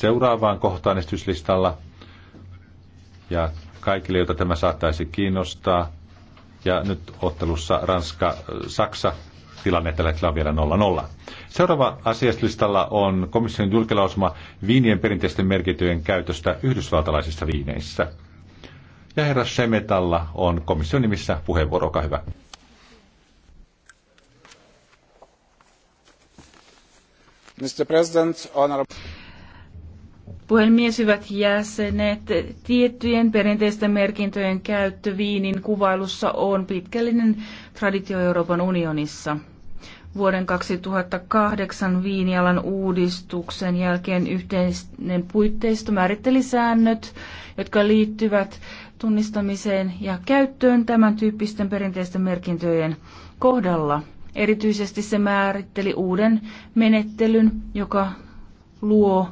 seuraavaan kohtaan esityslistalla. Ja kaikille, joita tämä saattaisi kiinnostaa. Ja nyt ottelussa Ranska-Saksa tilanne tällä hetkellä on vielä 0-0. Seuraava asiaslistalla on komission julkilausuma viinien perinteisten merkityjen käytöstä yhdysvaltalaisissa viineissä. Ja herra Semetalla on komission nimissä puheenvuoro, olkaa hyvä. Mr. President, honorable... Puhemies, hyvät jäsenet, tiettyjen perinteisten merkintöjen käyttö viinin kuvailussa on pitkällinen traditio Euroopan unionissa. Vuoden 2008 viinialan uudistuksen jälkeen yhteinen puitteisto määritteli säännöt, jotka liittyvät tunnistamiseen ja käyttöön tämän tyyppisten perinteisten merkintöjen kohdalla. Erityisesti se määritteli uuden menettelyn, joka luo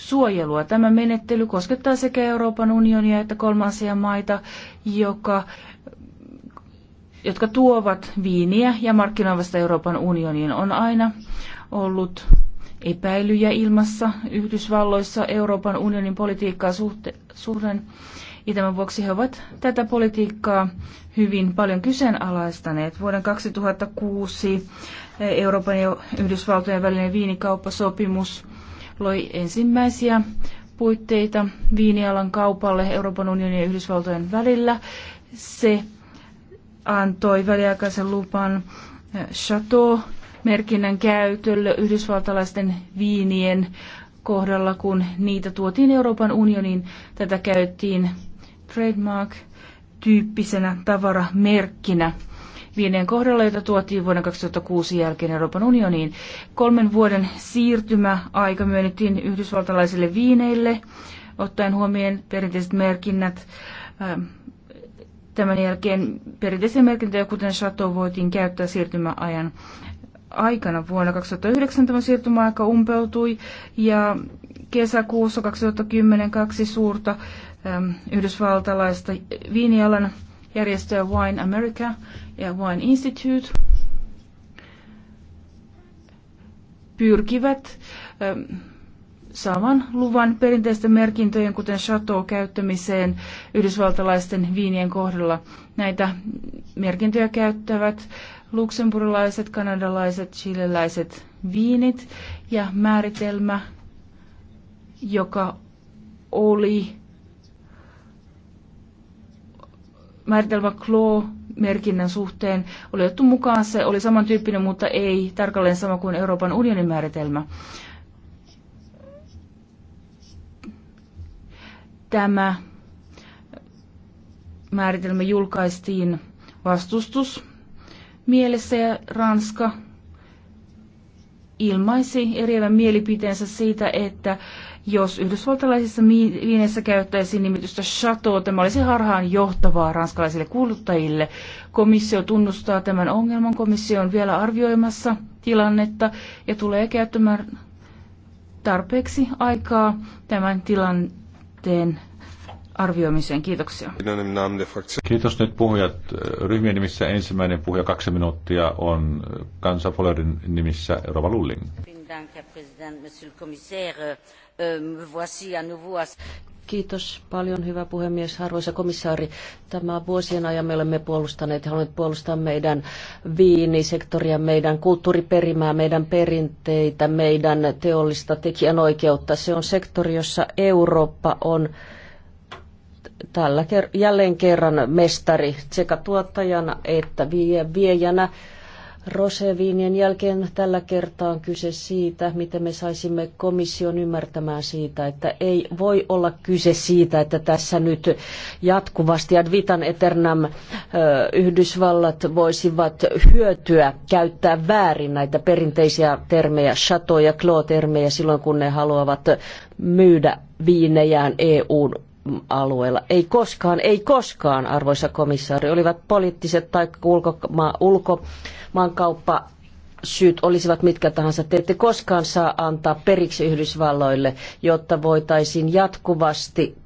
suojelua. Tämä menettely koskettaa sekä Euroopan unionia että kolmansia maita, joka, jotka tuovat viiniä ja markkinoivasta Euroopan unioniin. On aina ollut epäilyjä ilmassa Yhdysvalloissa Euroopan unionin politiikkaa suhte, suhden. Ja tämän vuoksi he ovat tätä politiikkaa hyvin paljon kyseenalaistaneet. Vuoden 2006 Euroopan ja Yhdysvaltojen välinen viinikauppasopimus – loi ensimmäisiä puitteita viinialan kaupalle Euroopan unionin ja Yhdysvaltojen välillä. Se antoi väliaikaisen lupan eh, Chateau-merkinnän käytölle yhdysvaltalaisten viinien kohdalla, kun niitä tuotiin Euroopan unioniin. Tätä käyttiin trademark-tyyppisenä tavaramerkkinä viinien kohdalla, jota tuotiin vuonna 2006 jälkeen Euroopan unioniin. Kolmen vuoden siirtymäaika myönnettiin yhdysvaltalaisille viineille, ottaen huomioon perinteiset merkinnät. Ähm, tämän jälkeen perinteisiä merkintöjä, kuten Chateau, voitiin käyttää siirtymäajan aikana. Vuonna 2009 tämä siirtymäaika umpeutui ja kesäkuussa 2010 kaksi suurta ähm, yhdysvaltalaista viinialan järjestöä Wine America ja Wine Institute pyrkivät ähm, saman luvan perinteisten merkintöjen, kuten Chateau, käyttämiseen yhdysvaltalaisten viinien kohdalla. Näitä merkintöjä käyttävät luksemburilaiset, kanadalaiset, chileläiset viinit ja määritelmä, joka oli määritelmä CLAW-merkinnän suhteen oli otettu mukaan. Se oli samantyyppinen, mutta ei tarkalleen sama kuin Euroopan unionin määritelmä. Tämä määritelmä julkaistiin vastustus mielessä ja Ranska ilmaisi eriävän mielipiteensä siitä, että jos yhdysvaltalaisissa viineissä käyttäisiin nimitystä Chateau, tämä olisi harhaan johtavaa ranskalaisille kuluttajille. Komissio tunnustaa tämän ongelman. Komissio on vielä arvioimassa tilannetta ja tulee käyttämään tarpeeksi aikaa tämän tilanteen arvioimiseen. Kiitoksia. Kiitos nyt puhujat. Eh, ryhmien nimissä ensimmäinen puhuja kaksi minuuttia on eh, kansanpuolueiden nimissä Rova Lullin. Kiitos paljon, hyvä puhemies. Arvoisa komissaari, tämä vuosien ajan me olemme puolustaneet ja haluamme puolustaa meidän viinisektoria, meidän kulttuuriperimää, meidän perinteitä, meidän teollista tekijänoikeutta. Se on sektori, jossa Eurooppa on tällä ker- jälleen kerran mestari sekä tuottajana että vie- viejänä. Roseviinien jälkeen tällä kertaa on kyse siitä, miten me saisimme komission ymmärtämään siitä, että ei voi olla kyse siitä, että tässä nyt jatkuvasti ad vitan eternam Yhdysvallat voisivat hyötyä käyttää väärin näitä perinteisiä termejä, chateau- ja clos-termejä silloin, kun ne haluavat myydä viinejään EUn alueella. Ei koskaan, ei koskaan, arvoisa komissaari, olivat poliittiset tai ulkoma, ulkomaankauppa syyt olisivat mitkä tahansa, te ette koskaan saa antaa periksi Yhdysvalloille, jotta voitaisiin jatkuvasti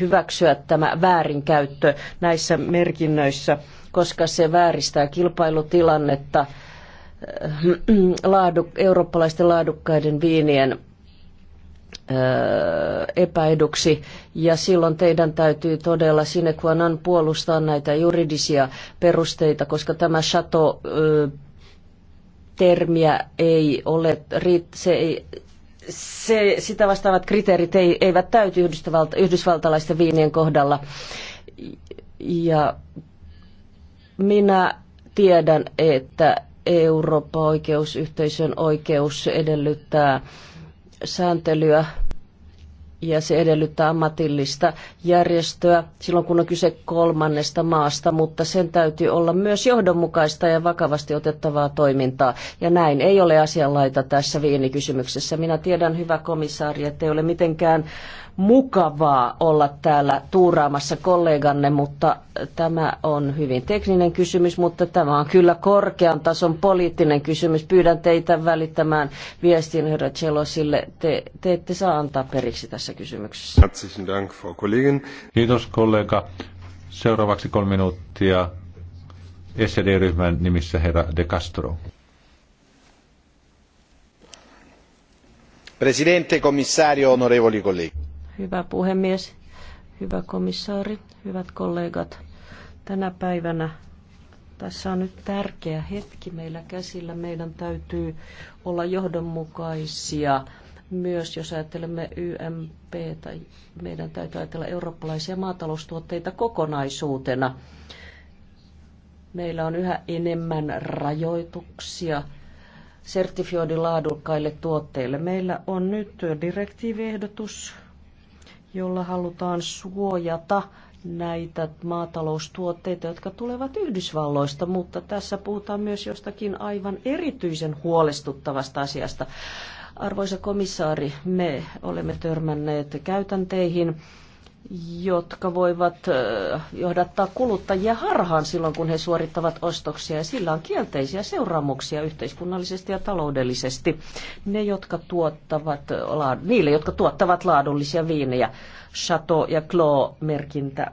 hyväksyä tämä väärinkäyttö näissä merkinnöissä, koska se vääristää kilpailutilannetta äh, eurooppalaisten laadukkaiden viinien epäeduksi. Ja silloin teidän täytyy todella sine qua non puolustaa näitä juridisia perusteita, koska tämä chateau termiä ei ole, se ei, se, sitä vastaavat kriteerit ei, eivät täyty yhdysvalta, yhdysvaltalaisten viinien kohdalla. Ja minä tiedän, että Euroopan oikeusyhteisön oikeus edellyttää sääntelyä ja se edellyttää ammatillista järjestöä silloin, kun on kyse kolmannesta maasta, mutta sen täytyy olla myös johdonmukaista ja vakavasti otettavaa toimintaa. Ja näin ei ole asianlaita tässä viinikysymyksessä. Minä tiedän, hyvä komissaari, että ei ole mitenkään mukavaa olla täällä tuuraamassa kolleganne, mutta tämä on hyvin tekninen kysymys, mutta tämä on kyllä korkean tason poliittinen kysymys. Pyydän teitä välittämään viestin herra Celosille. Te, te ette saa antaa periksi tässä kysymyksessä. Kiitos kollega. Seuraavaksi kolme minuuttia SED-ryhmän nimissä herra De Castro. Presidente, commissario, onorevoli colleghi Hyvä puhemies, hyvä komissaari, hyvät kollegat. Tänä päivänä tässä on nyt tärkeä hetki meillä käsillä. Meidän täytyy olla johdonmukaisia myös, jos ajattelemme YMP, tai meidän täytyy ajatella eurooppalaisia maataloustuotteita kokonaisuutena. Meillä on yhä enemmän rajoituksia sertifioidin laadukkaille tuotteille. Meillä on nyt direktiiviehdotus, jolla halutaan suojata näitä maataloustuotteita, jotka tulevat Yhdysvalloista, mutta tässä puhutaan myös jostakin aivan erityisen huolestuttavasta asiasta. Arvoisa komissaari, me olemme törmänneet käytänteihin, jotka voivat johdattaa kuluttajia harhaan silloin, kun he suorittavat ostoksia, ja sillä on kielteisiä seuraamuksia yhteiskunnallisesti ja taloudellisesti. Ne, jotka tuottavat, niille, jotka tuottavat laadullisia viinejä, Chateau ja Clos-merkintä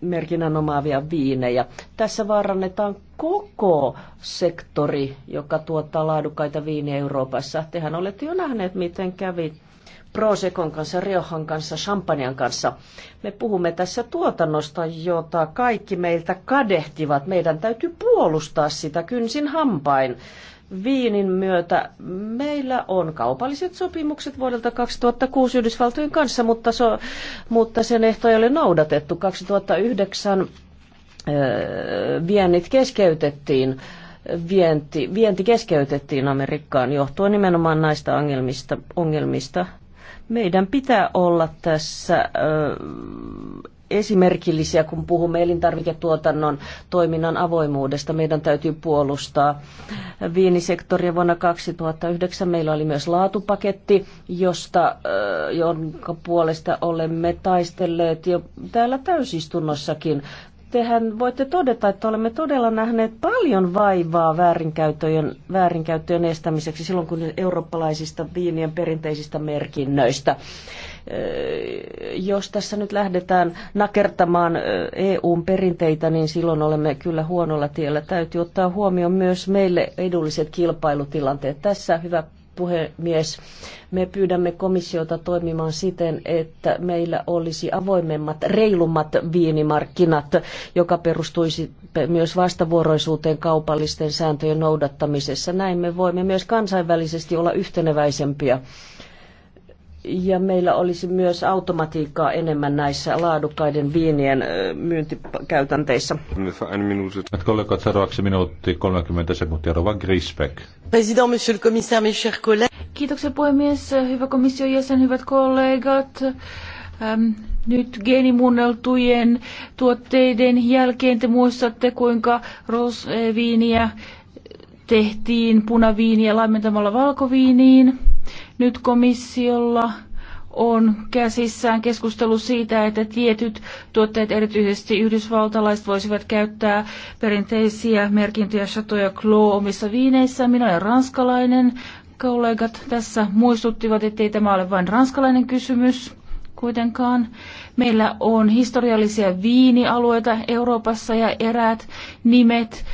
merkinnän omaavia viinejä. Tässä vaarannetaan koko sektori, joka tuottaa laadukkaita viinejä Euroopassa. Tehän olette jo nähneet, miten kävi Prosekon kanssa, Riohan kanssa, Champagnean kanssa. Me puhumme tässä tuotannosta, jota kaikki meiltä kadehtivat. Meidän täytyy puolustaa sitä kynsin hampain. Viinin myötä meillä on kaupalliset sopimukset vuodelta 2006 Yhdysvaltojen kanssa, mutta, so, mutta sen ehtoja ei ole noudatettu. 2009 äh, viennit keskeytettiin vienti, vienti keskeytettiin Amerikkaan johtuen nimenomaan näistä ongelmista. ongelmista. Meidän pitää olla tässä esimerkillisiä, kun puhumme elintarviketuotannon toiminnan avoimuudesta. Meidän täytyy puolustaa viinisektoria vuonna 2009. Meillä oli myös laatupaketti, josta, jonka puolesta olemme taistelleet jo täällä täysistunnossakin tehän voitte todeta, että olemme todella nähneet paljon vaivaa väärinkäyttöjen, väärinkäyttöjen estämiseksi silloin, kun eurooppalaisista viinien perinteisistä merkinnöistä. Jos tässä nyt lähdetään nakertamaan EUn perinteitä, niin silloin olemme kyllä huonolla tiellä. Täytyy ottaa huomioon myös meille edulliset kilpailutilanteet. Tässä hyvä puhemies. Me pyydämme komissiota toimimaan siten, että meillä olisi avoimemmat, reilummat viinimarkkinat, joka perustuisi myös vastavuoroisuuteen kaupallisten sääntöjen noudattamisessa. Näin me voimme myös kansainvälisesti olla yhteneväisempiä ja meillä olisi myös automatiikkaa enemmän näissä laadukkaiden viinien myyntikäytänteissä. Hyvät kollegat, seuraavaksi minuutti 30 sekuntia. Rovan Grisbeck. President, monsieur le commissaire, mes chers collègues. Kiitoksia puhemies, hyvä komission jäsen, hyvät kollegat. Ähm, nyt geenimuunneltujen tuotteiden jälkeen te muistatte, kuinka rosviiniä tehtiin punaviiniä laimentamalla valkoviiniin nyt komissiolla on käsissään keskustelu siitä, että tietyt tuotteet, erityisesti yhdysvaltalaiset, voisivat käyttää perinteisiä merkintöjä Chateau ja Clos omissa viineissä. Minä olen ranskalainen. Kollegat tässä muistuttivat, ettei tämä ole vain ranskalainen kysymys kuitenkaan. Meillä on historiallisia viinialueita Euroopassa ja eräät nimet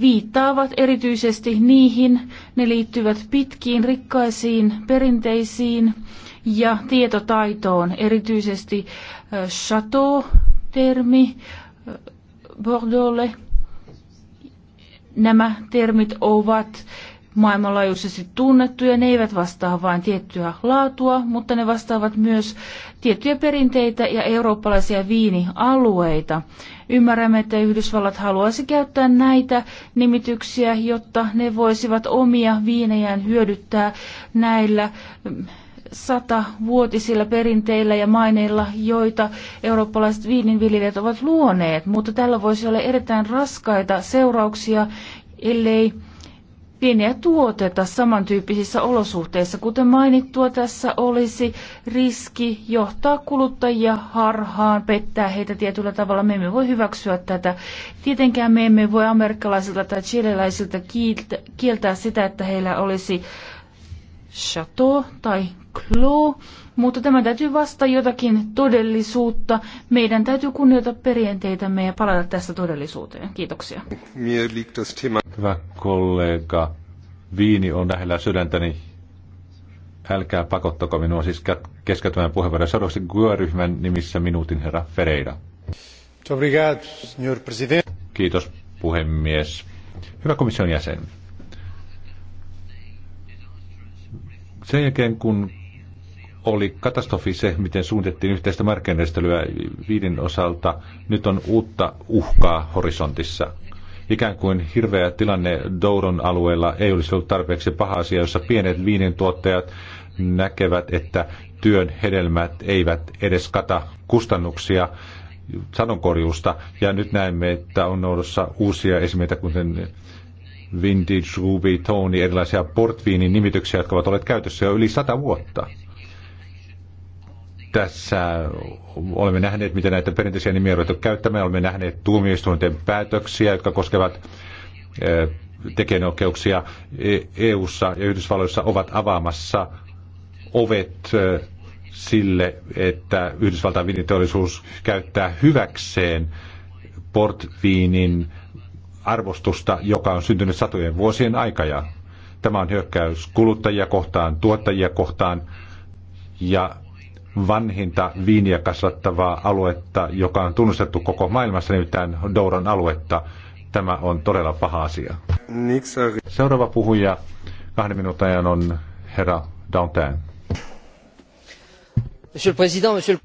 viittaavat erityisesti niihin, ne liittyvät pitkiin, rikkaisiin perinteisiin ja tietotaitoon. Erityisesti chateau-termi Bordeauxlle. Nämä termit ovat maailmanlaajuisesti tunnettuja. Ne eivät vastaa vain tiettyä laatua, mutta ne vastaavat myös tiettyjä perinteitä ja eurooppalaisia viinialueita. Ymmärrämme, että Yhdysvallat haluaisi käyttää näitä nimityksiä, jotta ne voisivat omia viinejään hyödyttää näillä mm, satavuotisilla perinteillä ja maineilla, joita eurooppalaiset viininviljelijät ovat luoneet, mutta tällä voisi olla erittäin raskaita seurauksia, ellei viiniä tuoteta samantyyppisissä olosuhteissa. Kuten mainittua, tässä olisi riski johtaa kuluttajia harhaan, pettää heitä tietyllä tavalla. Me emme voi hyväksyä tätä. Tietenkään me emme voi amerikkalaisilta tai chileläisiltä kieltää sitä, että heillä olisi chateau tai clos mutta tämä täytyy vastata jotakin todellisuutta. Meidän täytyy kunnioittaa perinteitämme ja palata tässä todellisuuteen. Kiitoksia. Hyvä kollega, viini on lähellä sydäntäni. Älkää pakottako minua siis keskeytymään puheenvuoron. Sadoksi GUE-ryhmän nimissä minuutin herra Ferreira. Kiitos puhemies. Hyvä komission jäsen. Sen jälkeen kun oli katastrofi se, miten suunnittiin yhteistä markkinajärjestelyä viidin osalta. Nyt on uutta uhkaa horisontissa. Ikään kuin hirveä tilanne Douron alueella ei olisi ollut tarpeeksi paha asia, jossa pienet viinin tuottajat näkevät, että työn hedelmät eivät edes kata kustannuksia sadonkorjuusta. Ja nyt näemme, että on noudossa uusia esimerkiksi kuten Vintage, Ruby, Tony, erilaisia portviinin nimityksiä, jotka ovat olleet käytössä jo yli sata vuotta. Tässä olemme nähneet, miten näitä perinteisiä nimiä ruvetaan käyttämään. Olemme nähneet tuomioistuinten päätöksiä, jotka koskevat tekijänoikeuksia EU-ssa e ja Yhdysvalloissa ovat avaamassa ovet sille, että Yhdysvaltain viiniteollisuus käyttää hyväkseen portviinin arvostusta, joka on syntynyt satojen vuosien aikana. Tämä on hyökkäys kuluttajia kohtaan, tuottajia kohtaan ja vanhinta viiniä kasvattavaa aluetta, joka on tunnustettu koko maailmassa, nimittäin Douran aluetta. Tämä on todella paha asia. Seuraava puhuja kahden minuutin ajan on herra Downtown. Monsieur le Président, monsieur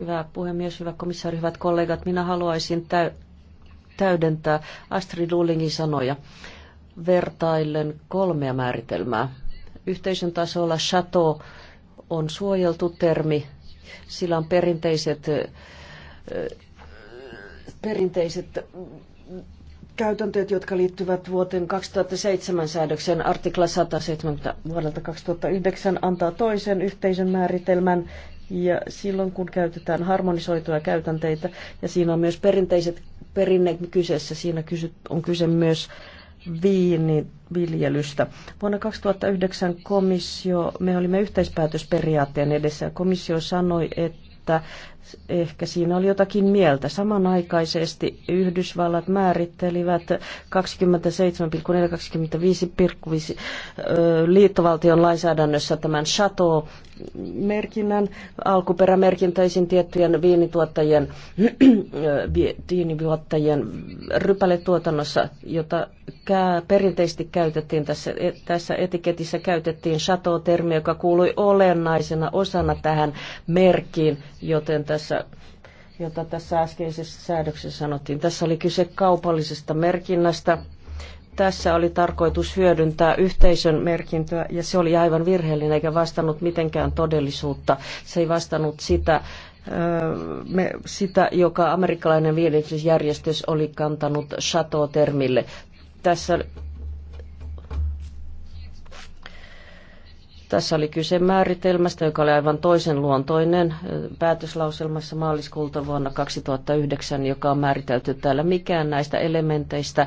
Hyvä puhemies, hyvä komissaari, hyvät kollegat. Minä haluaisin täy- täydentää Astrid Lullingin sanoja vertaillen kolmea määritelmää. Yhteisön tasolla chateau on suojeltu termi. Sillä on perinteiset, perinteiset käytänteet, jotka liittyvät vuoteen 2007 säädöksen artikla 170 vuodelta 2009 antaa toisen yhteisen määritelmän ja silloin kun käytetään harmonisoituja käytänteitä ja siinä on myös perinteiset perinne kyseessä, siinä on kyse myös viiniviljelystä. Vuonna 2009 komissio, me olimme yhteispäätösperiaatteen edessä, komissio sanoi, että Ehkä siinä oli jotakin mieltä. Samanaikaisesti Yhdysvallat määrittelivät 27,425 liittovaltion lainsäädännössä tämän Chateau-merkinnän alkuperämerkintäisin tiettyjen viinituottajien, viinivuottajien rypäletuotannossa, jota perinteisesti käytettiin tässä, e-, tässä etiketissä käytettiin Chateau-termi, joka kuului olennaisena osana tähän merkkiin, joten tässä tässä, jota tässä äskeisessä säädöksessä sanottiin. Tässä oli kyse kaupallisesta merkinnästä. Tässä oli tarkoitus hyödyntää yhteisön merkintöä ja se oli aivan virheellinen eikä vastannut mitenkään todellisuutta. Se ei vastannut sitä, me, sitä, joka amerikkalainen viidennysjärjestys oli kantanut Chateau-termille. Tässä Tässä oli kyse määritelmästä, joka oli aivan toisen luontoinen päätöslauselmassa maaliskuulta vuonna 2009, joka on määritelty täällä. Mikään näistä elementeistä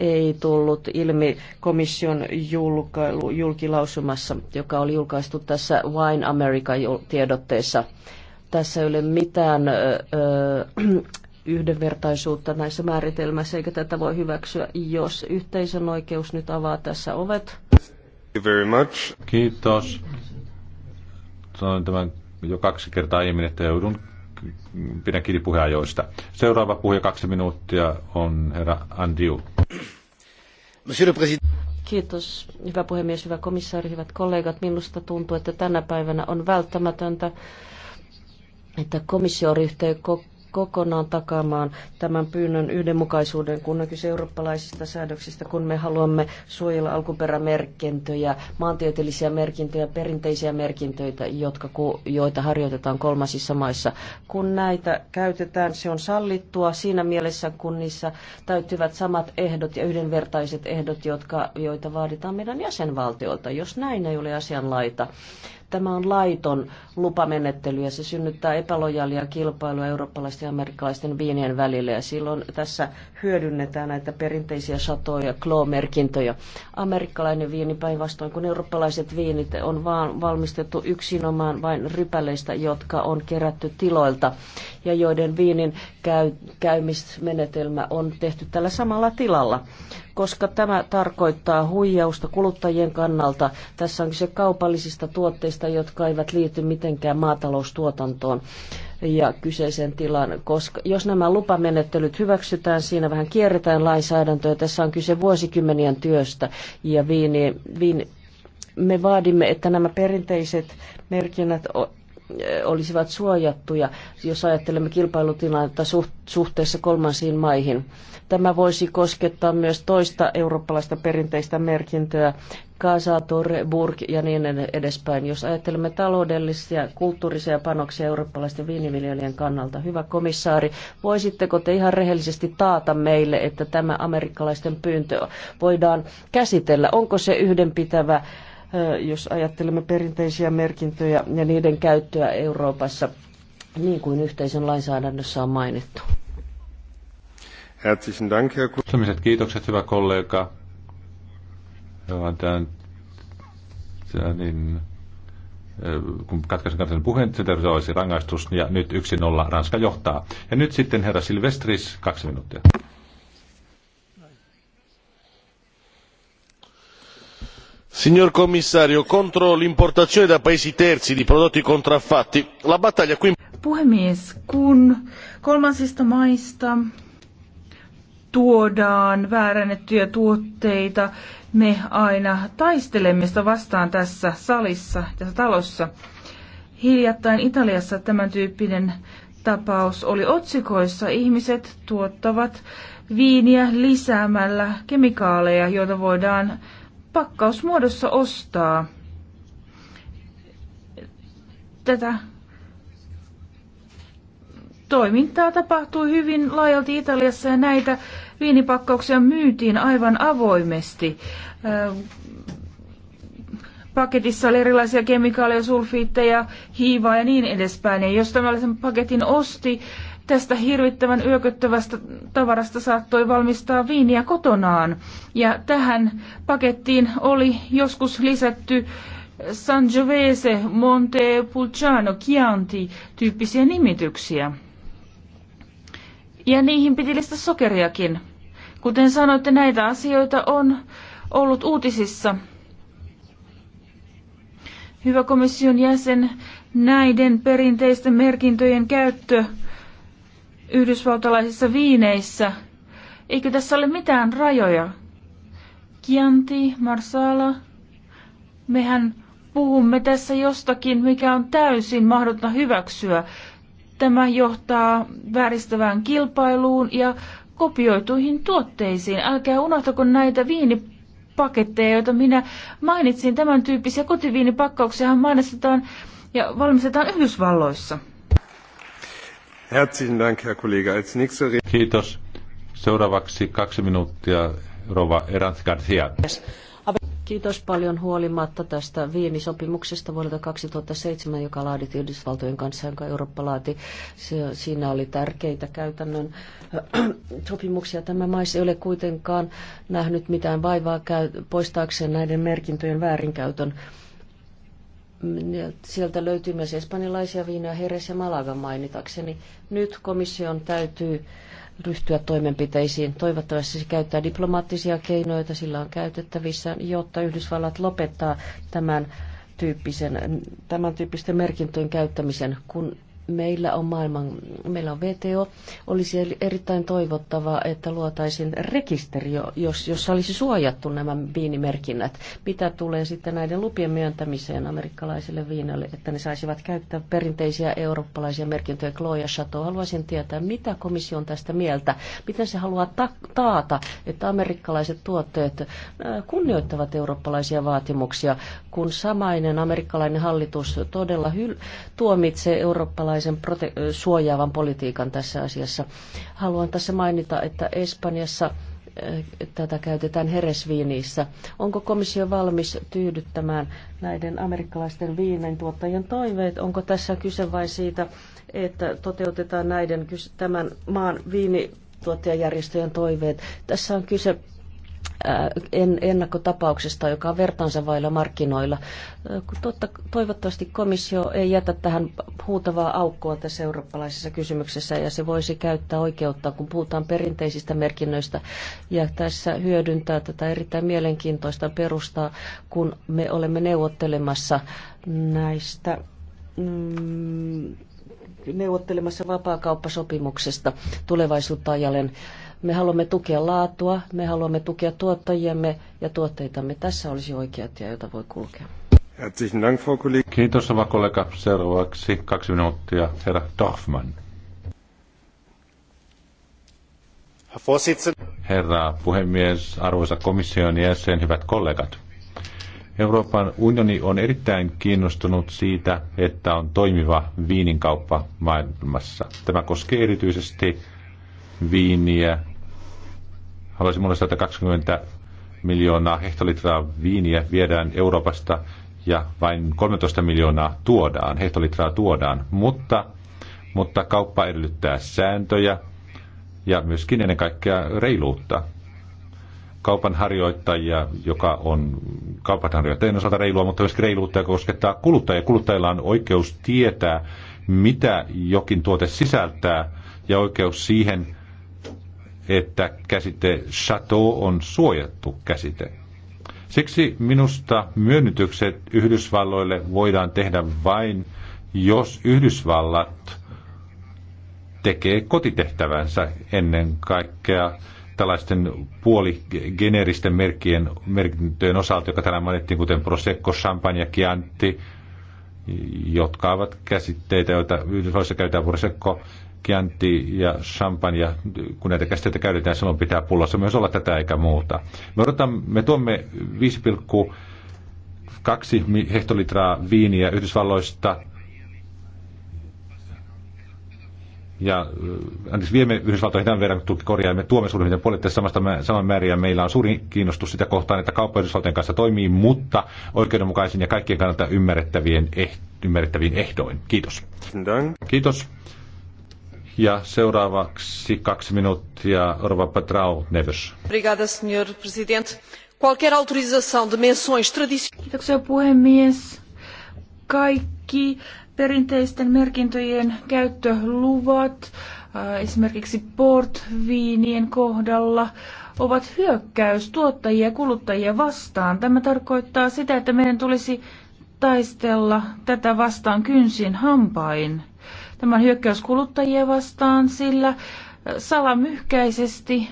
ei tullut ilmi komission julkilausumassa, joka oli julkaistu tässä Wine America-tiedotteessa. Tässä ei ole mitään ö, ö, yhdenvertaisuutta näissä määritelmissä, eikä tätä voi hyväksyä, jos yhteisön oikeus nyt avaa tässä ovet very much. Kiitos. Sanoin tämän jo kaksi kertaa aiemmin, että joudun pidän kiinni puheajoista. Seuraava puhuja kaksi minuuttia on herra Andiu. Kiitos, hyvä puhemies, hyvä komissaari, hyvät kollegat. Minusta tuntuu, että tänä päivänä on välttämätöntä, että komissio ryhtyy kokonaan takaamaan tämän pyynnön yhdenmukaisuuden, kun on kyse eurooppalaisista säädöksistä, kun me haluamme suojella alkuperämerkintöjä, maantieteellisiä merkintöjä, perinteisiä merkintöitä, jotka, joita harjoitetaan kolmasissa maissa. Kun näitä käytetään, se on sallittua siinä mielessä, kun niissä täyttyvät samat ehdot ja yhdenvertaiset ehdot, jotka, joita vaaditaan meidän jäsenvaltioilta, jos näin ei ole asianlaita Tämä on laiton lupamenettely ja se synnyttää epälojaalia kilpailua eurooppalaisten ja amerikkalaisten viinien välillä. Ja silloin tässä hyödynnetään näitä perinteisiä satoja, merkintöjä Amerikkalainen viini päinvastoin kuin eurooppalaiset viinit on vaan valmistettu yksinomaan vain rypäleistä, jotka on kerätty tiloilta ja joiden viinin käy, käymismenetelmä on tehty tällä samalla tilalla koska tämä tarkoittaa huijausta kuluttajien kannalta. Tässä on kyse kaupallisista tuotteista, jotka eivät liity mitenkään maataloustuotantoon ja kyseisen tilan, koska jos nämä lupamenettelyt hyväksytään, siinä vähän kierretään lainsäädäntöä. Tässä on kyse vuosikymmenien työstä ja viini, viini, me vaadimme, että nämä perinteiset merkinnät olisivat suojattuja, jos ajattelemme kilpailutilannetta suhteessa kolmansiin maihin. Tämä voisi koskettaa myös toista eurooppalaista perinteistä merkintöä, Kaasa, Torre, Burg ja niin edespäin. Jos ajattelemme taloudellisia, kulttuurisia panoksia eurooppalaisten viiniviljelijän kannalta, hyvä komissaari, voisitteko te ihan rehellisesti taata meille, että tämä amerikkalaisten pyyntö voidaan käsitellä? Onko se yhdenpitävä jos ajattelemme perinteisiä merkintöjä ja niiden käyttöä Euroopassa, niin kuin yhteisön lainsäädännössä on mainittu. Herzlichen kiitokset, hyvä kollega. Äh, niin, äh, kun katkaisin kansan puheen, se olisi rangaistus, ja nyt 1-0 Ranska johtaa. Ja nyt sitten herra Silvestris, kaksi minuuttia. signor commissario contro l'importazione da paesi terzi di prodotti contraffatti la battaglia qui. puhemies kun kolmansista maista tuodaan väärännettyjä tuotteita me aina taistelemme sitä vastaan tässä salissa tässä talossa. Hiljattain Italiassa tämän tyyppinen tapaus oli otsikoissa. Ihmiset tuottavat viiniä lisäämällä kemikaaleja, joita voidaan pakkausmuodossa ostaa. Tätä toimintaa tapahtui hyvin laajalti Italiassa ja näitä viinipakkauksia myytiin aivan avoimesti. Äh, paketissa oli erilaisia kemikaaleja, sulfiitteja, hiivaa ja niin edespäin. Ja jos tämmöisen paketin osti, tästä hirvittävän yököttävästä tavarasta saattoi valmistaa viiniä kotonaan. Ja tähän pakettiin oli joskus lisätty Sangiovese, Monte Pulciano, Chianti tyyppisiä nimityksiä. Ja niihin piti lisätä sokeriakin. Kuten sanoitte, näitä asioita on ollut uutisissa. Hyvä komission jäsen, näiden perinteisten merkintöjen käyttö yhdysvaltalaisissa viineissä. Eikö tässä ole mitään rajoja? Kianti, Marsala, mehän puhumme tässä jostakin, mikä on täysin mahdotonta hyväksyä. Tämä johtaa vääristävään kilpailuun ja kopioituihin tuotteisiin. Älkää unohtako näitä viinipaketteja, joita minä mainitsin. Tämän tyyppisiä kotiviinipakkauksia mainostetaan ja valmistetaan Yhdysvalloissa. Herzlichen Dank, Herr Kollege. Als Kiitos. Seuraavaksi kaksi minuuttia, Rova Garcia. Kiitos paljon huolimatta tästä viinisopimuksesta vuodelta 2007, joka laadittiin Yhdysvaltojen kanssa, jonka Eurooppa laati. siinä oli tärkeitä käytännön äh, sopimuksia. Tämä mais ei ole kuitenkaan nähnyt mitään vaivaa poistaakseen näiden merkintöjen väärinkäytön. Sieltä löytyy myös espanjalaisia viinoja, Heres ja Malaga mainitakseni. Nyt komission täytyy ryhtyä toimenpiteisiin. Toivottavasti se käyttää diplomaattisia keinoja, joita sillä on käytettävissä, jotta Yhdysvallat lopettaa tämän, tyyppisen, tämän tyyppisten merkintöjen käyttämisen, kun meillä on maailman, meillä on VTO, olisi erittäin toivottavaa, että luotaisiin rekisteri, jos, jossa olisi suojattu nämä viinimerkinnät. Mitä tulee sitten näiden lupien myöntämiseen amerikkalaisille viinoille, että ne saisivat käyttää perinteisiä eurooppalaisia merkintöjä Chloe ja Chateau. Haluaisin tietää, mitä komissio on tästä mieltä. Miten se haluaa ta- taata, että amerikkalaiset tuotteet äh, kunnioittavat eurooppalaisia vaatimuksia, kun samainen amerikkalainen hallitus todella hyl- tuomitsee eurooppalaisia jonkinlaisen prote- suojaavan politiikan tässä asiassa. Haluan tässä mainita, että Espanjassa tätä käytetään heresviiniissä. Onko komissio valmis tyydyttämään näiden amerikkalaisten viinen tuottajien toiveet? Onko tässä kyse vain siitä, että toteutetaan näiden tämän maan viinituottajajärjestöjen toiveet? Tässä on kyse ennakkotapauksesta, joka on vertaansa vailla markkinoilla. Totta, toivottavasti komissio ei jätä tähän huutavaa aukkoa tässä eurooppalaisessa kysymyksessä ja se voisi käyttää oikeutta, kun puhutaan perinteisistä merkinnöistä ja tässä hyödyntää tätä erittäin mielenkiintoista perustaa, kun me olemme neuvottelemassa näistä mm, neuvottelemassa vapaakauppasopimuksesta tulevaisuutta ajalen. Me haluamme tukea laatua, me haluamme tukea tuottajiemme ja tuotteitamme. Tässä olisi oikea tie, jota voi kulkea. Kiitos, oma kollega. Seuraavaksi kaksi minuuttia, herra Dorfman. Herra puhemies, arvoisa komission jäsen, hyvät kollegat. Euroopan unioni on erittäin kiinnostunut siitä, että on toimiva kauppa maailmassa. Tämä koskee erityisesti viiniä Haluaisin muistaa, että 20 miljoonaa hehtolitraa viiniä viedään Euroopasta ja vain 13 miljoonaa tuodaan, hehtolitraa tuodaan, mutta, mutta kauppa edellyttää sääntöjä ja myöskin ennen kaikkea reiluutta. Kaupan harjoittajia, joka on kaupan harjoittajien osalta reilua, mutta myös reiluutta, joka koskettaa kuluttajia. Kuluttajilla on oikeus tietää, mitä jokin tuote sisältää ja oikeus siihen, että käsite chateau on suojattu käsite. Siksi minusta myönnytykset Yhdysvalloille voidaan tehdä vain, jos Yhdysvallat tekee kotitehtävänsä ennen kaikkea tällaisten puoligeneeristen merkkien, merkintöjen osalta, joka täällä mainittiin, kuten Prosecco, Champagne ja Chianti, jotka ovat käsitteitä, joita Yhdysvalloissa käytetään Prosecco, Chianti ja champagne, ja kun näitä käsitteitä käytetään, silloin pitää pullossa myös olla tätä eikä muuta. Me, odotan, me tuomme 5,2 hehtolitraa viiniä Yhdysvalloista ja äh, anteeksi, viemme Yhdysvaltoihin tämän verran korjaa, ja me tuomme suurin piirtein puolet samasta, saman määrin, ja meillä on suuri kiinnostus sitä kohtaan, että kauppa Yhdysvaltojen kanssa toimii, mutta oikeudenmukaisin ja kaikkien kannalta ymmärrettävien, eh, ymmärrettäviin ehdoin. Kiitos. Kiitos. Ja seuraavaksi kaksi minuuttia Orva Patrao Neves. Obrigada, senhor presidente. Qualquer autorização de menções tradicionais... Kiitoksia puhemies. Kaikki perinteisten merkintöjen käyttöluvat, äh, esimerkiksi portviinien kohdalla, ovat hyökkäys tuottajia ja kuluttajia vastaan. Tämä tarkoittaa sitä, että meidän tulisi taistella tätä vastaan kynsin hampain. Tämä on hyökkäys kuluttajia vastaan, sillä salamyhkäisesti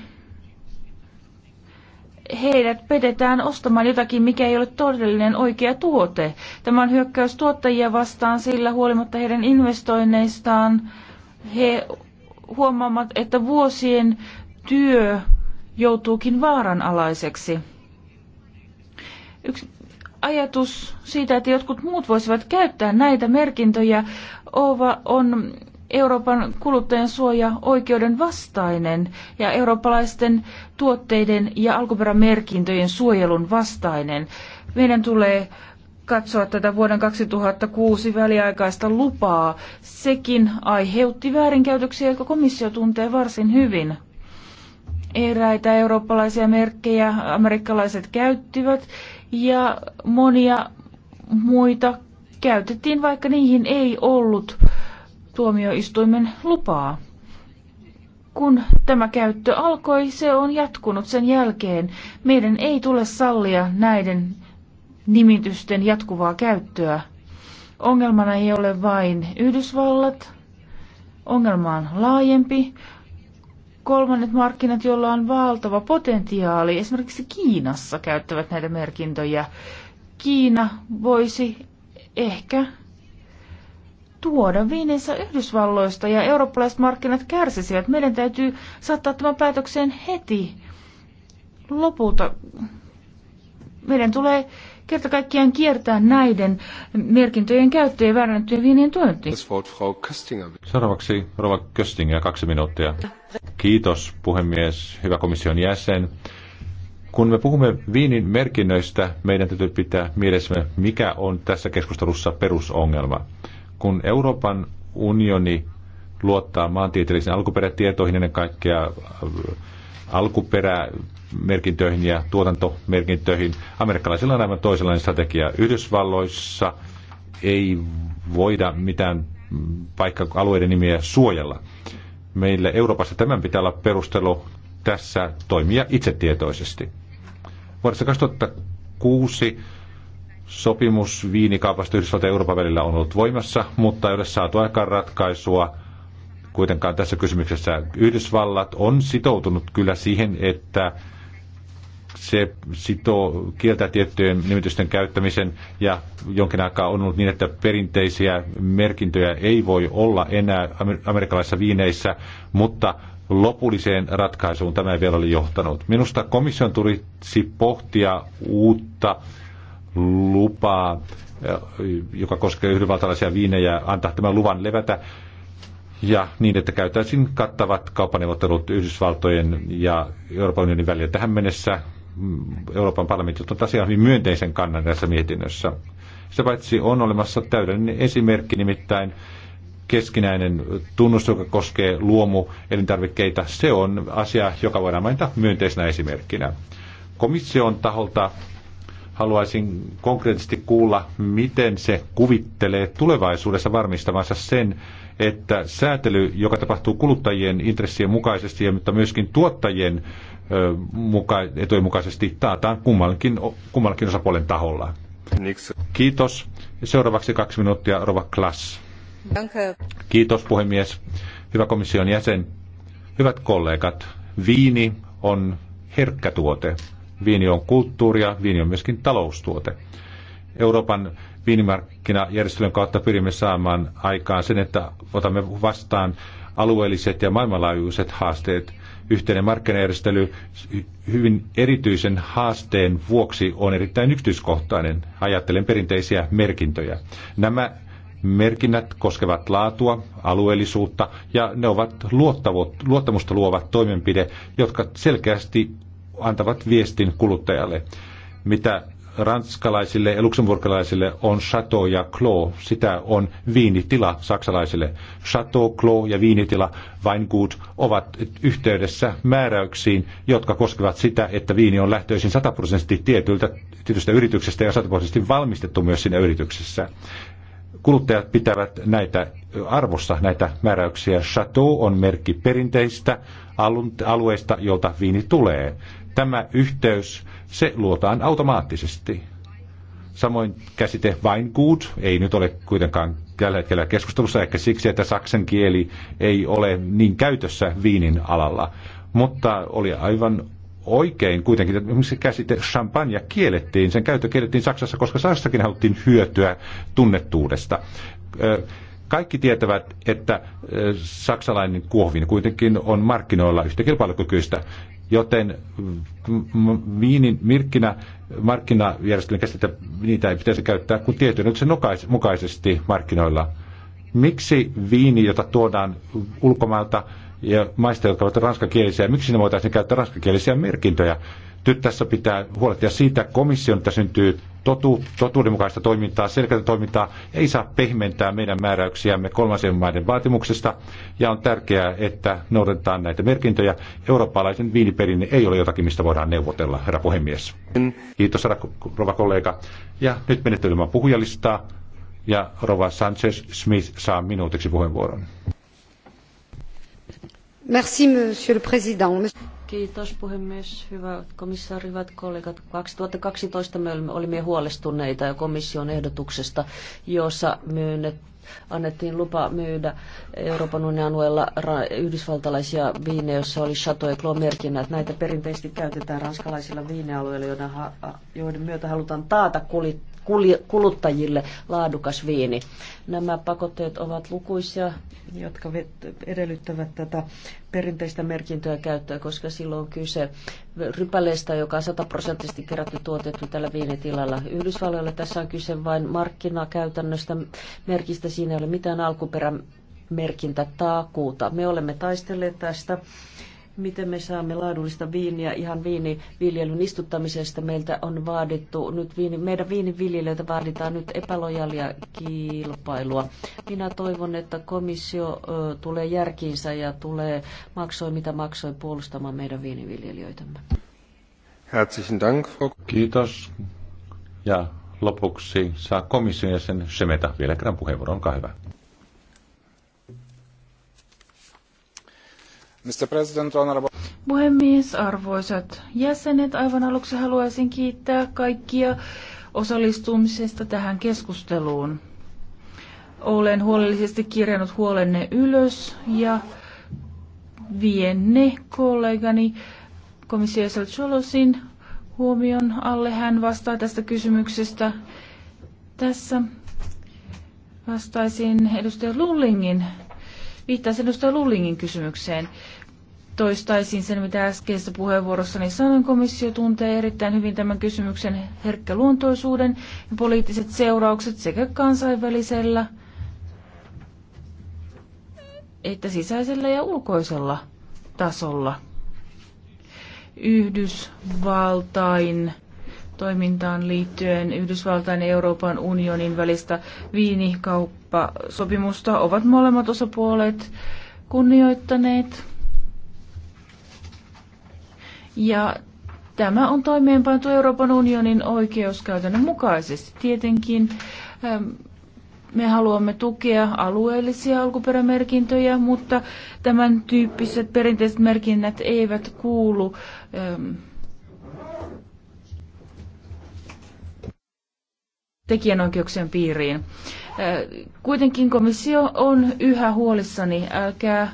heidät pedetään ostamaan jotakin, mikä ei ole todellinen oikea tuote. Tämä on hyökkäys tuottajia vastaan, sillä huolimatta heidän investoinneistaan he huomaavat, että vuosien työ joutuukin vaaranalaiseksi. Yksi ajatus siitä, että jotkut muut voisivat käyttää näitä merkintöjä, on Euroopan kuluttajan suoja oikeuden vastainen ja eurooppalaisten tuotteiden ja alkuperämerkintöjen suojelun vastainen. Meidän tulee katsoa tätä vuoden 2006 väliaikaista lupaa. Sekin aiheutti väärinkäytöksiä, jotka komissio tuntee varsin hyvin. Eräitä eurooppalaisia merkkejä amerikkalaiset käyttivät ja monia muita käytettiin, vaikka niihin ei ollut tuomioistuimen lupaa. Kun tämä käyttö alkoi, se on jatkunut sen jälkeen. Meidän ei tule sallia näiden nimitysten jatkuvaa käyttöä. Ongelmana ei ole vain Yhdysvallat, ongelma on laajempi kolmannet markkinat, joilla on valtava potentiaali, esimerkiksi Kiinassa käyttävät näitä merkintöjä. Kiina voisi ehkä tuoda viineissä Yhdysvalloista ja eurooppalaiset markkinat kärsisivät. Meidän täytyy saattaa tämä päätökseen heti. Lopulta meidän tulee kerta kaikkiaan kiertää näiden merkintöjen käyttöä ja väärennettyjen viinien tuonti. Seuraavaksi Rova Kösting kaksi minuuttia. Kiitos puhemies, hyvä komission jäsen. Kun me puhumme viinin merkinnöistä, meidän täytyy pitää mielessämme, mikä on tässä keskustelussa perusongelma. Kun Euroopan unioni luottaa maantieteellisiin alkuperätietoihin, ennen kaikkea alkuperä merkintöihin ja tuotantomerkintöihin. Amerikkalaisilla on aivan toisenlainen strategia. Yhdysvalloissa ei voida mitään paikka-alueiden nimiä suojella. Meillä Euroopassa tämän pitää olla perustelu tässä toimia itsetietoisesti. Vuodesta 2006 sopimus viinikaupasta Yhdysvaltain ja Euroopan välillä on ollut voimassa, mutta ei ole saatu aikaan ratkaisua kuitenkaan tässä kysymyksessä. Yhdysvallat on sitoutunut kyllä siihen, että se sitoo kieltä tiettyjen nimitysten käyttämisen ja jonkin aikaa on ollut niin, että perinteisiä merkintöjä ei voi olla enää amerikkalaisissa viineissä, mutta lopulliseen ratkaisuun tämä ei vielä ole johtanut. Minusta komission tulisi pohtia uutta lupaa, eh, joka koskee yhdysvaltalaisia viinejä, antaa tämän luvan levätä ja niin, että käytäisiin kattavat kauppaneuvottelut Yhdysvaltojen ja Euroopan unionin välillä tähän mennessä. Euroopan parlamentti on asiaan hyvin myönteisen kannan tässä mietinnössä. Se paitsi on olemassa täydellinen esimerkki, nimittäin keskinäinen tunnus, joka koskee luomu elintarvikkeita, se on asia, joka voidaan mainita myönteisenä esimerkkinä. Komission taholta haluaisin konkreettisesti kuulla, miten se kuvittelee tulevaisuudessa varmistavansa sen, että säätely, joka tapahtuu kuluttajien intressien mukaisesti, mutta myöskin tuottajien muka, etujen mukaisesti, taataan kummallakin, kummallakin osapuolen taholla. Kiitos. Seuraavaksi kaksi minuuttia, Rova Klass. Kiitos puhemies. Hyvä komission jäsen. Hyvät kollegat, viini on herkkä tuote. Viini on kulttuuria, viini on myöskin taloustuote. Euroopan viinimarkkinajärjestelyn kautta pyrimme saamaan aikaan sen, että otamme vastaan alueelliset ja maailmanlaajuiset haasteet. Yhteinen markkinajärjestely hyvin erityisen haasteen vuoksi on erittäin yksityiskohtainen. Ajattelen perinteisiä merkintöjä. Nämä merkinnät koskevat laatua, alueellisuutta ja ne ovat luottamusta luovat toimenpide, jotka selkeästi antavat viestin kuluttajalle. Mitä ranskalaisille ja luksemburgilaisille on Chateau ja Clos, sitä on viinitila saksalaisille. Chateau, Clos ja viinitila Weingut ovat yhteydessä määräyksiin, jotka koskevat sitä, että viini on lähtöisin 100 prosenttisesti tietyltä tietystä yrityksestä ja 100 prosenttisesti valmistettu myös siinä yrityksessä. Kuluttajat pitävät näitä arvossa näitä määräyksiä. Chateau on merkki perinteistä alueista, jolta viini tulee. Tämä yhteys, se luotaan automaattisesti. Samoin käsite vain good ei nyt ole kuitenkaan tällä hetkellä keskustelussa, ehkä siksi, että saksan kieli ei ole niin käytössä viinin alalla. Mutta oli aivan oikein kuitenkin, että se käsite champagne kiellettiin, sen käyttö kiellettiin Saksassa, koska Saksassakin haluttiin hyötyä tunnettuudesta. Kaikki tietävät, että saksalainen kuohvin kuitenkin on markkinoilla yhtä kilpailukykyistä joten mm, mm, viinin mirkkinä markkinajärjestelmän käsitettä, niitä ei pitäisi käyttää kuin tietyn se mukaisesti markkinoilla. Miksi viini, jota tuodaan ulkomailta ja maista, jotka ovat ranskakielisiä, miksi ne voitaisiin käyttää ranskakielisiä merkintöjä? Nyt tässä pitää huolehtia siitä komission, että syntyy totu, totuudenmukaista toimintaa, selkeää toimintaa, ei saa pehmentää meidän määräyksiämme kolmansien maiden vaatimuksesta, ja on tärkeää, että noudatetaan näitä merkintöjä. Eurooppalaisen viiniperinne ei ole jotakin, mistä voidaan neuvotella, herra puhemies. Kiitos, herra rova kollega. Ja nyt menettelemään puhujalistaa, ja rova Sanchez-Smith saa minuutiksi puheenvuoron. Merci, monsieur le président. Kiitos puhemies, hyvä komissaari, hyvät kollegat. 2012 me olimme huolestuneita komission ehdotuksesta, jossa myynnet annettiin lupa myydä Euroopan unionin alueella yhdysvaltalaisia viinejä, joissa oli Chateau ja Clos-merkinnät. Näitä perinteisesti käytetään ranskalaisilla viinealueilla, joiden, joiden myötä halutaan taata kulittaa kuluttajille laadukas viini. Nämä pakotteet ovat lukuisia, jotka edellyttävät tätä perinteistä merkintöä käyttöä, koska silloin on kyse rypäleistä, joka on sataprosenttisesti kerätty tuotettu tällä viinitilalla. Yhdysvalloilla tässä on kyse vain markkinakäytännöstä merkistä, siinä ei ole mitään alkuperämerkintä taakuuta. Me olemme taistelleet tästä miten me saamme laadullista viiniä ihan viiniviljelyn istuttamisesta. Meiltä on vaadittu nyt viini, meidän viiniviljelijöitä vaaditaan nyt epälojalia kilpailua. Minä toivon, että komissio ö, tulee järkiinsä ja tulee maksoi mitä maksoi puolustamaan meidän viiniviljelijöitämme. Herzlichen Dank, Frau. Kiitos. Ja lopuksi saa komission jäsen Semeta vielä kerran puheenvuoron. Olkaa hyvä. Mr. Puhemies, arvoisat jäsenet, aivan aluksi haluaisin kiittää kaikkia osallistumisesta tähän keskusteluun. Olen huolellisesti kirjannut huolenne ylös ja vien ne kollegani komissio Cholosin huomion alle. Hän vastaa tästä kysymyksestä. Tässä vastaisin edustaja Lullingin Viittaan edustaja Lullingin kysymykseen. Toistaisin sen, mitä äskeisessä puheenvuorossani sanoin. Komissio tuntee erittäin hyvin tämän kysymyksen luontoisuuden ja poliittiset seuraukset sekä kansainvälisellä että sisäisellä ja ulkoisella tasolla. Yhdysvaltain toimintaan liittyen Yhdysvaltain ja Euroopan unionin välistä viinikauppasopimusta ovat molemmat osapuolet kunnioittaneet. Ja tämä on toimeenpantu Euroopan unionin oikeuskäytännön mukaisesti. Tietenkin ähm, me haluamme tukea alueellisia alkuperämerkintöjä, mutta tämän tyyppiset perinteiset merkinnät eivät kuulu ähm, tekijänoikeuksien piiriin. Kuitenkin komissio on yhä huolissani. Älkää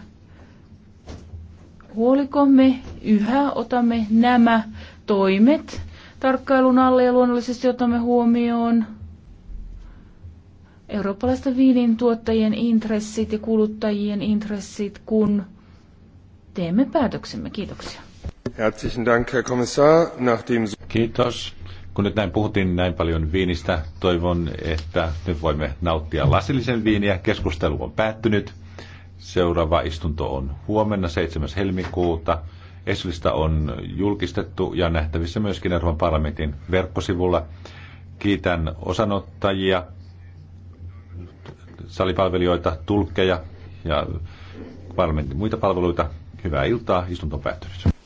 huoliko me yhä otamme nämä toimet tarkkailun alle ja luonnollisesti otamme huomioon eurooppalaisten viinin tuottajien intressit ja kuluttajien intressit, kun teemme päätöksemme. Kiitoksia. Herzlichen Dank, Herr Kommissar. Nachdem... Kiitos. Kun nyt näin puhuttiin näin paljon viinistä, toivon, että nyt voimme nauttia lasillisen viiniä. Keskustelu on päättynyt. Seuraava istunto on huomenna 7. helmikuuta. Eslista on julkistettu ja nähtävissä myöskin Euroopan parlamentin verkkosivulla. Kiitän osanottajia, salipalvelijoita, tulkkeja ja parlamentin muita palveluita. Hyvää iltaa, istunto on päättynyt.